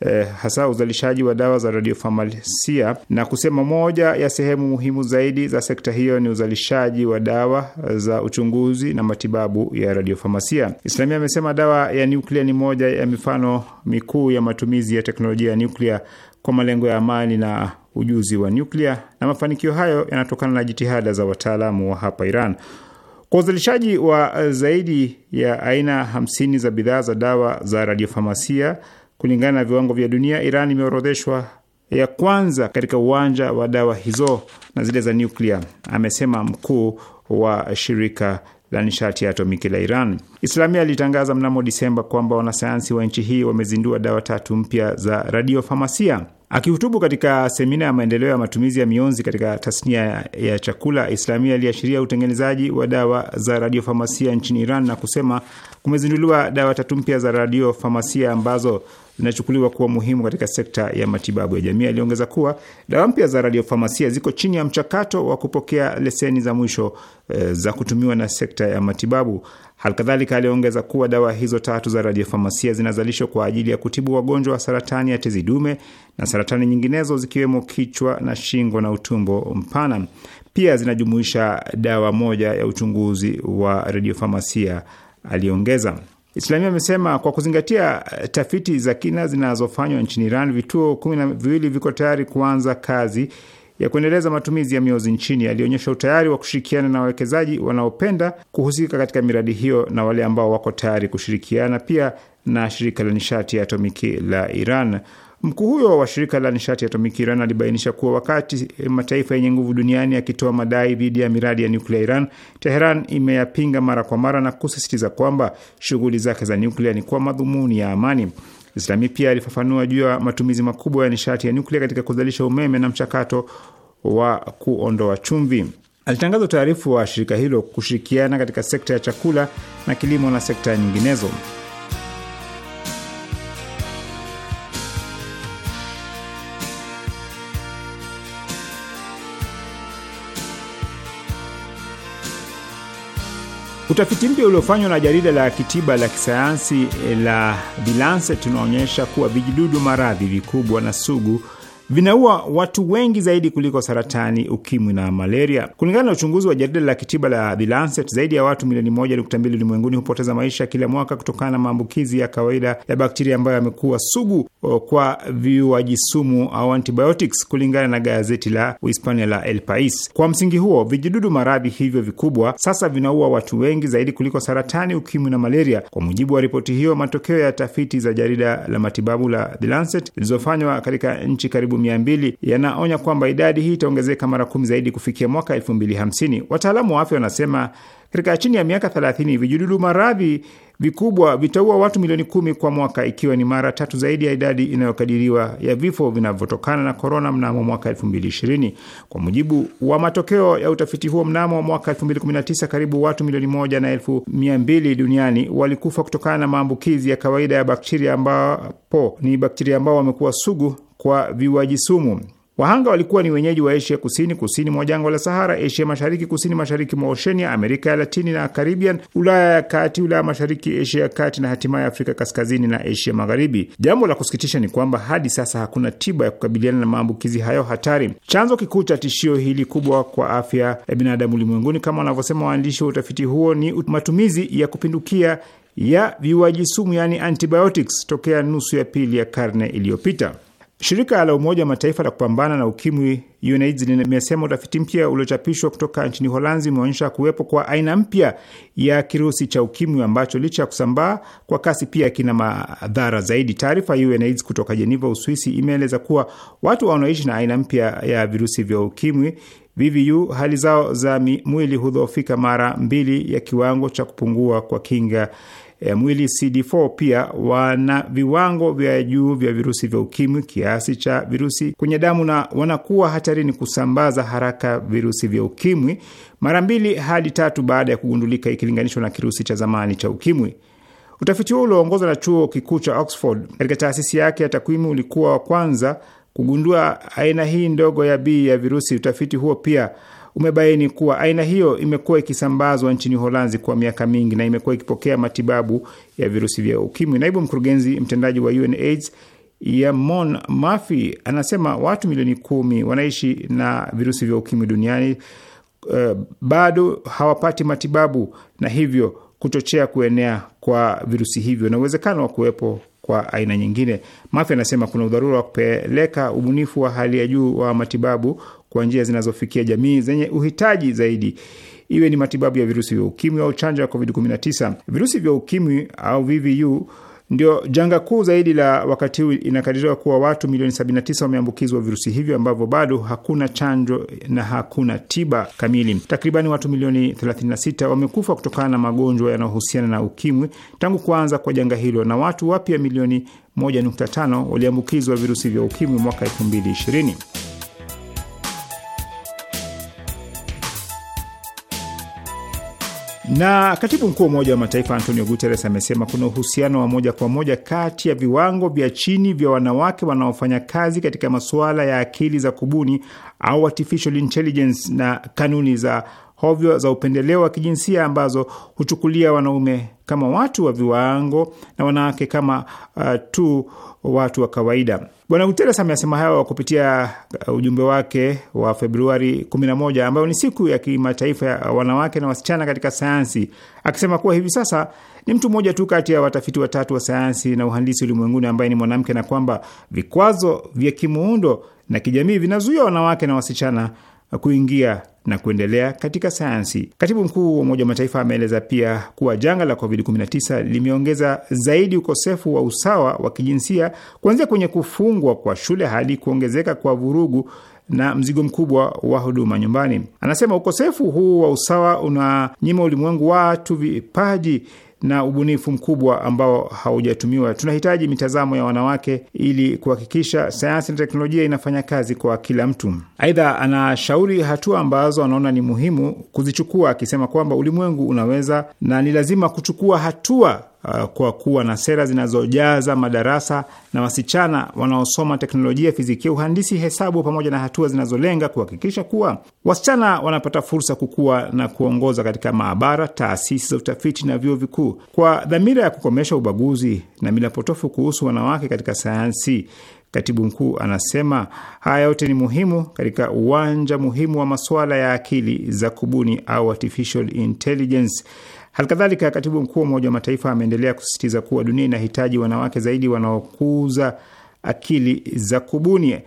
eh, hasa uzalishaji wa dawa za radiofarmasia na kusema moja ya sehemu muhimu zaidi za sekta hiyo ni uzalishaji wa dawa za uchunguzi na matibabu ya radiofarmasia. Islamia amesema dawa ya nuklia ni moja ya mifano mikuu ya matumizi ya teknolojia ya nuklia kwa malengo ya amani na ujuzi wa nuklia, na mafanikio hayo yanatokana na jitihada za wataalamu wa hapa Iran. Kwa uzalishaji wa zaidi ya aina hamsini za bidhaa za dawa za radiofarmasia Kulingana na viwango vya dunia, Iran imeorodheshwa ya kwanza katika uwanja wa dawa hizo na zile za nyuklia, amesema mkuu wa shirika la nishati ya atomiki la Iran. Islamia alitangaza mnamo Disemba kwamba wanasayansi wa nchi hii wamezindua dawa tatu mpya za radiofamasia. Akihutubu katika semina ya maendeleo ya matumizi ya mionzi katika tasnia ya chakula, Islamia aliashiria utengenezaji wa dawa za radiofamasia nchini Iran na kusema kumezinduliwa dawa tatu mpya za radiofamasia ambazo linachukuliwa kuwa muhimu katika sekta ya matibabu ya jamii. Aliongeza kuwa dawa mpya za radiofarmasia ziko chini ya mchakato wa kupokea leseni za mwisho e, za kutumiwa na sekta ya matibabu. Halikadhalika, aliongeza kuwa dawa hizo tatu za radiofarmasia zinazalishwa kwa ajili ya kutibu wagonjwa wa saratani ya tezi dume na saratani nyinginezo zikiwemo kichwa na shingo na utumbo mpana. Pia zinajumuisha dawa moja ya uchunguzi wa radiofarmasia, aliongeza. Islami amesema kwa kuzingatia eh, tafiti za kina zinazofanywa nchini Iran, vituo kumi na viwili viko tayari kuanza kazi ya kuendeleza matumizi ya miozi nchini. Alionyesha utayari wa kushirikiana na wawekezaji wanaopenda kuhusika katika miradi hiyo na wale ambao wako tayari kushirikiana pia na shirika la nishati ya atomiki la Iran. Mkuu huyo wa shirika la nishati ya atomiki Iran alibainisha kuwa wakati eh, mataifa yenye nguvu duniani yakitoa madai dhidi ya miradi ya nyuklia Iran, Teheran imeyapinga mara kwa mara na kusisitiza kwamba shughuli zake za nyuklia ni kwa madhumuni ya amani. Islami pia alifafanua juu ya matumizi makubwa ya nishati ya nyuklia katika kuzalisha umeme na mchakato wa kuondoa chumvi. Alitangaza utaarifu wa shirika hilo kushirikiana katika sekta ya chakula na kilimo na sekta nyinginezo. Utafiti mpya uliofanywa na jarida la kitiba la kisayansi eh, la The Lancet unaonyesha kuwa vijidudu maradhi vikubwa na sugu vinaua watu wengi zaidi kuliko saratani, ukimwi na malaria. Kulingana na uchunguzi wa jarida la kitiba la The Lancet, zaidi ya watu milioni moja nukta mbili ulimwenguni hupoteza maisha kila mwaka kutokana na maambukizi ya kawaida ya bakteria ambayo yamekuwa sugu kwa viuaji sumu au antibiotics, kulingana na gazeti la Uhispania la El Pais. Kwa msingi huo, vijidudu maradhi hivyo vikubwa sasa vinaua watu wengi zaidi kuliko saratani, ukimwi na malaria, kwa mujibu wa ripoti hiyo. Matokeo ya tafiti za jarida la matibabu la The Lancet zilizofanywa katika nchi karibu mia mbili yanaonya kwamba idadi hii itaongezeka mara kumi zaidi kufikia mwaka elfu mbili hamsini. Wataalamu wa afya wanasema katika chini ya miaka thelathini vijidudu maradhi vikubwa vitaua watu milioni kumi kwa mwaka ikiwa ni mara tatu zaidi ya idadi inayokadiriwa ya vifo vinavyotokana na korona mnamo mwaka 2020. Kwa mujibu wa matokeo ya utafiti huo, mnamo mwaka 2019 karibu watu milioni moja na elfu mia mbili duniani walikufa kutokana na maambukizi ya kawaida ya bakteria, ambapo ni bakteria ambao wamekuwa sugu kwa viwajisumu. Wahanga walikuwa ni wenyeji wa Asia kusini kusini mwa jangwa la Sahara, Asia mashariki kusini mashariki mwa Oshenia, Amerika ya Latini na Karibian, Ulaya ya kati, Ulaya mashariki, Asia ya kati na hatimaye Afrika kaskazini na Asia magharibi. Jambo la kusikitisha ni kwamba hadi sasa hakuna tiba ya kukabiliana na maambukizi hayo hatari. Chanzo kikuu cha tishio hili kubwa kwa afya ya binadamu ulimwenguni, kama wanavyosema waandishi wa utafiti huo, ni matumizi ya kupindukia ya viwaji sumu, yaani antibiotics, tokea nusu ya pili ya karne iliyopita. Shirika la Umoja wa Mataifa la kupambana na ukimwi UNAIDS limesema utafiti mpya uliochapishwa kutoka nchini Holanzi umeonyesha kuwepo kwa aina mpya ya kirusi cha ukimwi ambacho licha ya kusambaa kwa kasi pia kina madhara zaidi. Taarifa ya UNAIDS kutoka Jeneva, Uswisi, imeeleza kuwa watu wanaoishi na aina mpya ya virusi vya ukimwi VVU hali zao za mwili hudhoofika mara mbili ya kiwango cha kupungua kwa kinga ya eh, mwili CD4 pia wana viwango vya juu vya virusi vya ukimwi, kiasi cha virusi kwenye damu, na wanakuwa hatarini kusambaza haraka virusi vya ukimwi mara mbili hadi tatu baada ya kugundulika ikilinganishwa na kirusi cha zamani cha ukimwi. Utafiti huo ulioongozwa na chuo kikuu cha Oxford katika taasisi yake ya takwimu ulikuwa wa kwanza kugundua aina hii ndogo ya B ya virusi. Utafiti huo pia umebaini kuwa aina hiyo imekuwa ikisambazwa nchini holanzi kwa miaka mingi na imekuwa ikipokea matibabu ya virusi vya ukimwi. Naibu mkurugenzi mtendaji wa UNAIDS Yamon Mafi anasema watu milioni kumi wanaishi na virusi vya ukimwi duniani uh, bado hawapati matibabu na hivyo kuchochea kuenea kwa virusi hivyo na uwezekano wa kuwepo kwa aina nyingine. Mafi anasema kuna udharura wa kupeleka ubunifu wa hali ya juu wa matibabu kwa njia zinazofikia jamii zenye uhitaji zaidi, iwe ni matibabu ya virusi vya ukimwi au chanjo ya COVID-19. Virusi vya ukimwi au VVU ndio janga kuu zaidi la wakati huu. Inakadiriwa kuwa watu milioni 79 wameambukizwa virusi hivyo ambavyo bado hakuna chanjo na hakuna tiba kamili. Takribani watu milioni 36 wamekufa kutokana na magonjwa yanayohusiana na ukimwi tangu kuanza kwa janga hilo, na watu wapya milioni 1.5 waliambukizwa virusi vya ukimwi mwaka 2020. Na katibu mkuu wa Umoja wa Mataifa Antonio Guterres amesema kuna uhusiano wa moja kwa moja kati ya viwango vya chini vya wanawake wanaofanya kazi katika masuala ya akili za kubuni au artificial intelligence na kanuni za hovyo za upendeleo wa kijinsia ambazo huchukulia wanaume kama watu wa viwango na wanawake kama uh, tu watu wa kawaida. Bwana Guteres amesema hayo kupitia uh, ujumbe wake wa Februari 11 ambayo ni siku ya kimataifa ya wanawake na wasichana katika sayansi, akisema kuwa hivi sasa ni mtu mmoja tu kati ya watafiti watatu wa sayansi na uhandisi ulimwenguni ambaye ni mwanamke, na kwamba vikwazo vya kimuundo na kijamii vinazuia wanawake na wasichana kuingia na kuendelea katika sayansi. Katibu mkuu wa Umoja wa Mataifa ameeleza pia kuwa janga la COVID-19 limeongeza zaidi ukosefu wa usawa wa kijinsia, kuanzia kwenye kufungwa kwa shule hadi kuongezeka kwa vurugu na mzigo mkubwa wa huduma nyumbani. Anasema ukosefu huu wa usawa unanyima ulimwengu watu vipaji na ubunifu mkubwa ambao haujatumiwa. Tunahitaji mitazamo ya wanawake ili kuhakikisha sayansi na teknolojia inafanya kazi kwa kila mtu. Aidha, anashauri hatua ambazo anaona ni muhimu kuzichukua, akisema kwamba ulimwengu unaweza na ni lazima kuchukua hatua uh, kwa kuwa na sera zinazojaza madarasa na wasichana wanaosoma teknolojia, fizikia, uhandisi, hesabu, pamoja na hatua zinazolenga kuhakikisha kuwa wasichana wanapata fursa kukua na kuongoza katika maabara, taasisi za utafiti na vyuo vikuu, kwa dhamira ya kukomesha ubaguzi na mila potofu kuhusu wanawake katika sayansi. Katibu mkuu anasema haya yote ni muhimu katika uwanja muhimu wa masuala ya akili za kubuni au artificial intelligence Halikadhalika, katibu mkuu wa Umoja wa Mataifa ameendelea kusisitiza kuwa dunia inahitaji wanawake zaidi wanaokuza akili za kubuni,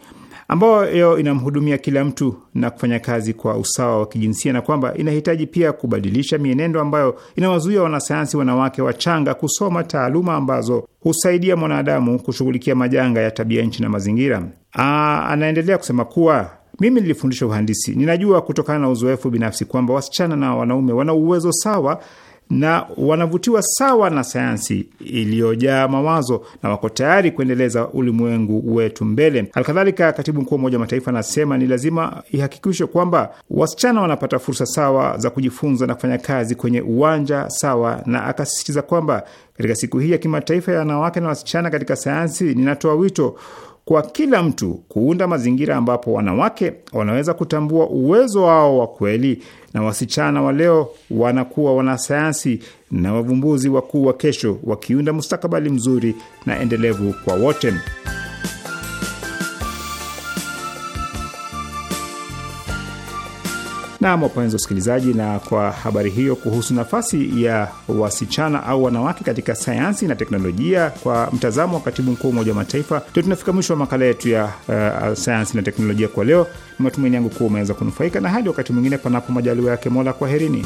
ambayo inamhudumia kila mtu na kufanya kazi kwa usawa wa kijinsia, na kwamba inahitaji pia kubadilisha mienendo ambayo inawazuia wanasayansi wanawake wachanga kusoma taaluma ambazo husaidia mwanadamu kushughulikia majanga ya tabia nchi na mazingira. Aa, anaendelea kusema kuwa mimi nilifundisha uhandisi. Ninajua kutokana na uzoefu binafsi kwamba wasichana na wanaume wana uwezo sawa na wanavutiwa sawa na sayansi iliyojaa mawazo na wako tayari kuendeleza ulimwengu wetu mbele. Halikadhalika, katibu mkuu wa Umoja wa Mataifa anasema ni lazima ihakikishwe kwamba wasichana wanapata fursa sawa za kujifunza na kufanya kazi kwenye uwanja sawa, na akasisitiza kwamba katika siku hii ya kimataifa ya wanawake na wasichana katika sayansi, ninatoa wito kwa kila mtu kuunda mazingira ambapo wanawake wanaweza kutambua uwezo wao wa kweli na wasichana wa leo wanakuwa wanasayansi na wavumbuzi wakuu wa kesho, wakiunda mustakabali mzuri na endelevu kwa wote. Naam, wapenzi wasikilizaji, na kwa habari hiyo kuhusu nafasi ya wasichana au wanawake katika sayansi na teknolojia kwa mtazamo wa katibu mkuu wa Umoja wa Mataifa, ndio tunafika mwisho wa makala yetu ya uh, sayansi na teknolojia kwa leo. Ni matumaini yangu kuwa umeweza kunufaika, na hadi wakati mwingine, panapo majaliwa yake Mola, kwaherini.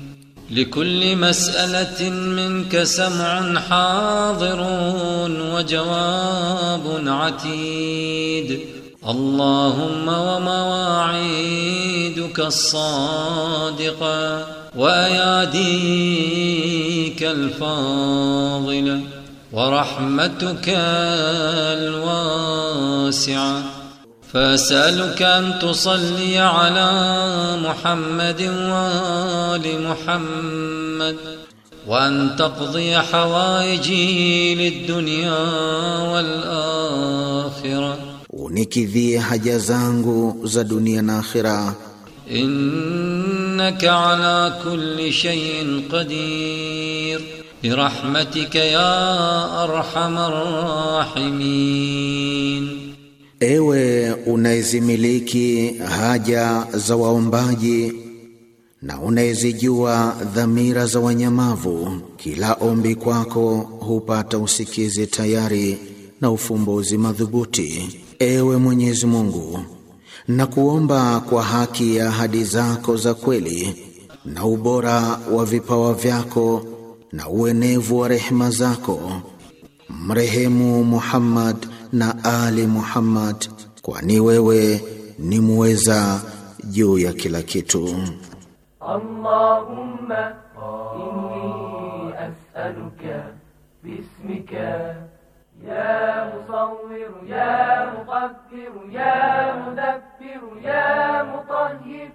لكل مسألة منك سمع حاضر وجواب عتيد اللهم ومواعيدك الصادقة وأياديك الفاضلة ورحمتك الواسعه فاسالك ان تصلي على محمد وال محمد وان تقضي حوائجي للدنيا والاخره ونكذي حجازانغ za dunia na akhira انك على كل شيء قدير برحمتك يا ارحم الراحمين Ewe unayezimiliki haja za waombaji na unayezijua dhamira za wanyamavu, kila ombi kwako hupata usikizi tayari na ufumbuzi madhubuti. Ewe Mwenyezi Mungu, na kuomba kwa haki ya ahadi zako za kweli na ubora wa vipawa vyako na uenevu wa rehema zako, mrehemu Muhammad na Ali Muhammad, kwani wewe ni muweza juu ya kila kitu. Allahumma inni as'aluka bismika ya musawwir ya muqaddir ya mudabbir ya mutahhir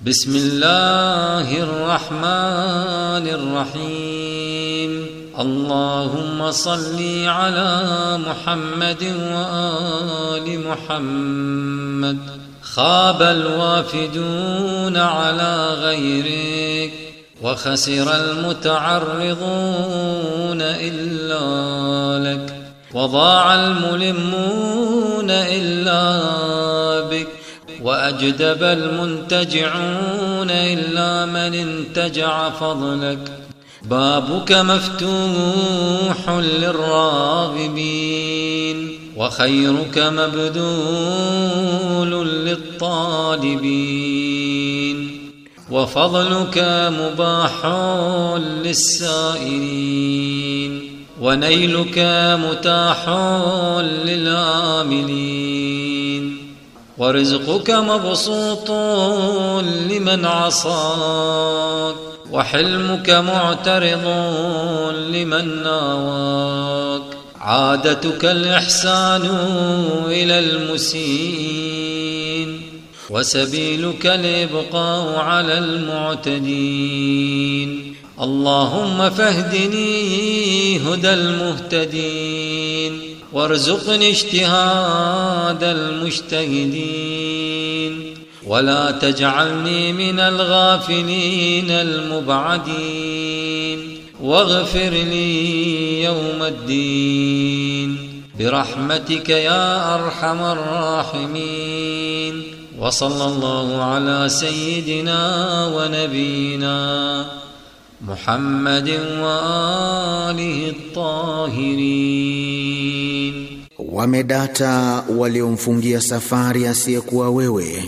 Bismillahir Rahmanir Rahim اللهم صل على محمد وآل محمد خاب الوافدون على غيرك وخسر المتعرضون إلا لك وضاع الملمون إلا بك وأجدب المنتجعون إلا من انتجع فضلك بابك مفتوح للراغبين وخيرك مبذول للطالبين وفضلك مباح للسائلين ونيلك متاح للآملين ورزقك مبسوط لمن عصاك وحلمك معترض لمن ناواك عادتك الإحسان إلى المسين وسبيلك الإبقاء على المعتدين اللهم فاهدني هدى المهتدين وارزقني اجتهاد المجتهدين ولا تجعلني من الغافلين المبعدين واغفر لي يوم الدين برحمتك يا أرحم الراحمين وصلى الله على سيدنا ونبينا محمد وآله الطاهرين ومداتا waliomfungia سفاريا asiyekuwa wewe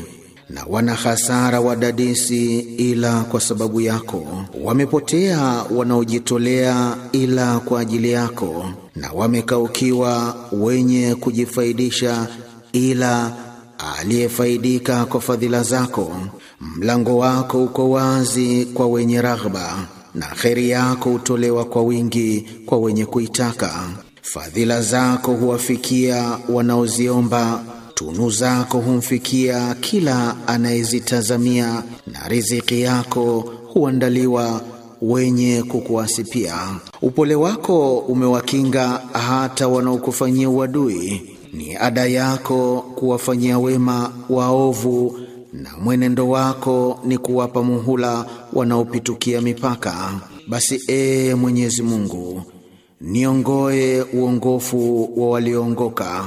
na wana hasara wadadisi ila kwa sababu yako, wamepotea wanaojitolea ila kwa ajili yako, na wamekaukiwa wenye kujifaidisha ila aliyefaidika kwa fadhila zako. Mlango wako uko wazi kwa wenye raghba, na kheri yako hutolewa kwa wingi kwa wenye kuitaka. Fadhila zako huwafikia wanaoziomba tunu zako humfikia kila anayezitazamia, na riziki yako huandaliwa wenye kukuasipia. Upole wako umewakinga hata wanaokufanyia uadui. Ni ada yako kuwafanyia wema waovu, na mwenendo wako ni kuwapa muhula wanaopitukia mipaka. Basi ee Mwenyezi Mungu, niongoe uongofu wa walioongoka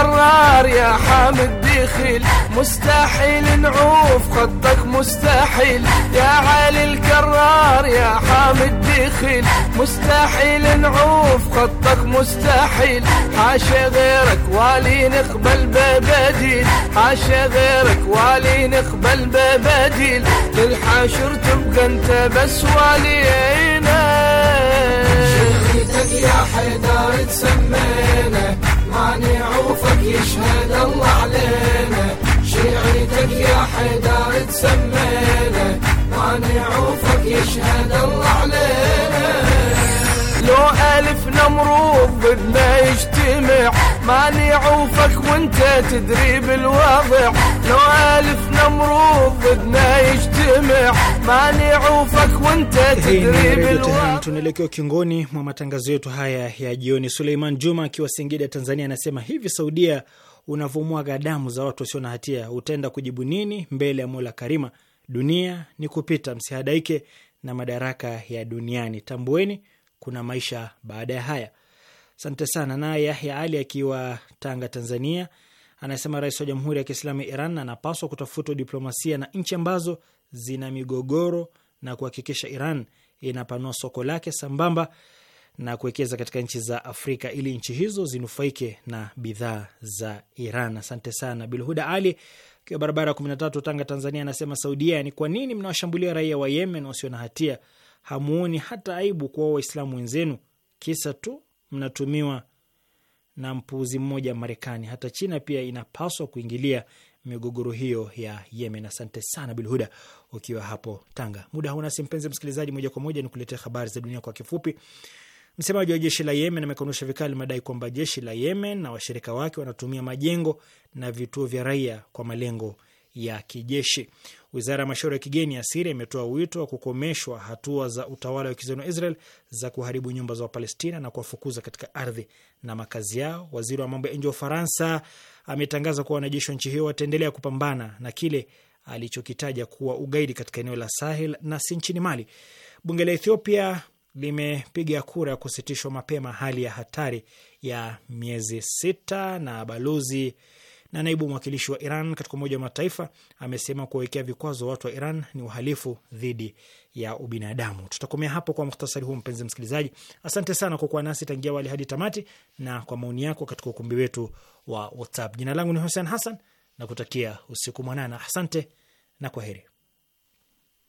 قرار يا حامد دخل مستحيل نعوف خطك مستحيل يا علي القرار يا حامد دخل مستحيل نعوف خطك مستحيل حاشا غيرك والي نقبل ببديل حاشا غيرك والي نقبل ببديل للحاشر تبقى انت بس والينا شغلتك يا حيدر تسمينا هاني عوفك يشهد الله علينا شيعتك يا حيدر تسمينا هاني عوفك يشهد الله علينا لو ألف نمرود ضدنا يجتمع ما نعوفك وانت تدري بالوضع لو ألف نمرود ضدنا يجتمع ما نعوفك وانت تدري بالوضع tunaelekea ukingoni mwa matangazo yetu haya ya jioni. Suleiman Juma akiwa Singida, Tanzania anasema hivi, Saudia unavomwaga damu za watu wasio na hatia utaenda kujibu nini mbele ya Mola Karima? Dunia ni kupita, msihadaike na madaraka ya duniani, tambueni kuna maisha baada ya haya. Asante sana. Naye Yahya Ali akiwa Tanga, Tanzania, anasema rais wa Jamhuri ya Kiislamu ya Iran anapaswa kutafuta diplomasia na nchi ambazo zina migogoro na kuhakikisha Iran inapanua soko lake sambamba na kuwekeza katika nchi za Afrika ili nchi hizo zinufaike na bidhaa za Iran. Asante sana. Bilhuda Ali akiwa barabara ya kumi na tatu Tanga, Tanzania, anasema Saudia, ni kwa nini mnawashambulia raia wa Yemen wasio na hatia? hamuoni hata aibu kuwa Waislamu wenzenu kisa tu mnatumiwa na mpuuzi mmoja Marekani. Hata China pia inapaswa kuingilia migogoro hiyo ya Yemen. Asante sana Bilhuda ukiwa hapo Tanga. Muda hauna si, mpenzi msikilizaji, moja kwa moja ni kuletea habari za dunia kwa kifupi. Msemaji wa jeshi la Yemen amekanusha vikali madai kwamba jeshi la Yemen na washirika wake wanatumia majengo na vituo vya raia kwa malengo ya kijeshi. Wizara ya mashauri ya kigeni ya Siria imetoa wito wa kukomeshwa hatua za utawala wa kizayuni wa Israel za kuharibu nyumba za Wapalestina na kuwafukuza katika ardhi na makazi yao. Waziri wa mambo ya nje wa Ufaransa ametangaza kuwa wanajeshi wa nchi hiyo wataendelea kupambana na kile alichokitaja kuwa ugaidi katika eneo la Sahel na si nchini Mali. Bunge la Ethiopia limepiga kura ya kusitishwa mapema hali ya hatari ya miezi sita na balozi na naibu mwakilishi wa Iran katika Umoja wa Mataifa amesema kuwawekea vikwazo watu wa Iran ni uhalifu dhidi ya ubinadamu. Tutakomea hapo kwa muhtasari huu, mpenzi msikilizaji. Asante sana kwa kuwa nasi tangia wali hadi tamati na kwa maoni yako katika ukumbi wetu wa WhatsApp. Jina langu ni Hussein Hassan na kutakia usiku mwanana. Asante na kwa heri.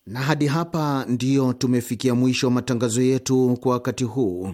Na hadi hapa ndiyo tumefikia mwisho wa matangazo yetu kwa wakati huu.